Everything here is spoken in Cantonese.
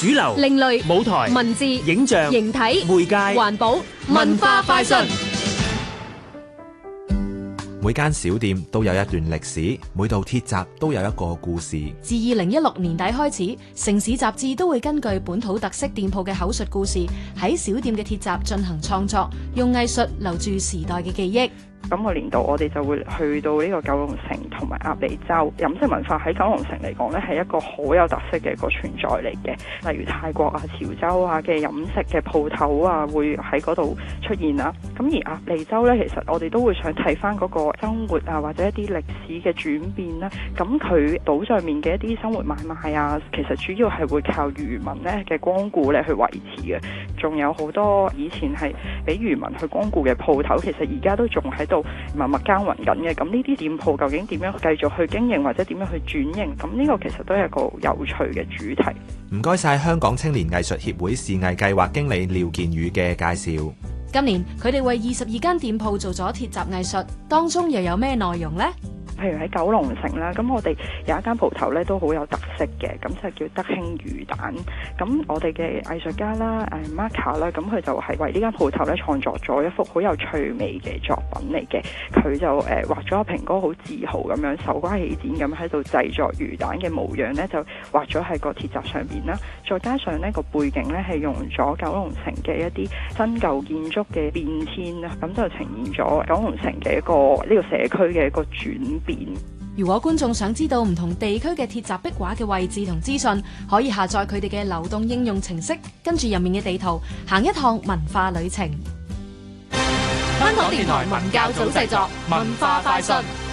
主流、另類舞台、文字、影像、形體、媒介、環保、文化快訊。每間小店都有一段歷史，每道鐵閘都有一個故事。自二零一六年底開始，城市雜誌都會根據本土特色店鋪嘅口述故事，喺小店嘅鐵閘進行創作，用藝術留住時代嘅記憶。咁個年度我哋就會去到呢個九龍城同埋鴨脷洲。飲食文化喺九龍城嚟講，呢係一個好有特色嘅一個存在嚟嘅，例如泰國啊、潮州啊嘅飲食嘅鋪頭啊會喺嗰度出現啦。咁而鴨脷洲呢，其實我哋都會想睇翻嗰個生活啊或者一啲歷史嘅轉變啦、啊。咁佢島上面嘅一啲生活買賣啊，其實主要係會靠漁民呢嘅光顧咧去維持嘅。仲有好多以前係俾漁民去光顧嘅鋪頭，其實而家都仲喺度默默耕耘緊嘅。咁呢啲店鋪究竟點樣繼續去經營，或者點樣去轉型？咁呢個其實都係一個有趣嘅主題。唔該晒香港青年藝術協會視藝計劃經理廖建宇嘅介紹。今年佢哋為二十二間店鋪做咗鐵閘藝術，當中又有咩內容呢？譬如喺九龍城啦，咁我哋有一間鋪頭咧都好有特色嘅，咁就叫德興魚蛋。咁我哋嘅藝術家啦，誒 Marka 啦，咁佢就係為呢間鋪頭咧創作咗一幅好有趣味嘅作品嚟嘅。佢就誒、呃、畫咗個平哥好自豪咁樣手瓜起剪咁喺度製作魚蛋嘅模樣咧，就畫咗喺個鐵閘上面啦。再加上呢、呢個背景咧係用咗九龍城嘅一啲新舊建築嘅變遷啦，咁就呈現咗九龍城嘅一個呢、呢個社區嘅一個轉。如果觀眾想知道唔同地區嘅鐵閘壁畫嘅位置同資訊，可以下載佢哋嘅流動應用程式，跟住入面嘅地圖，行一趟文化旅程。香港電台文教組製作，文化快訊。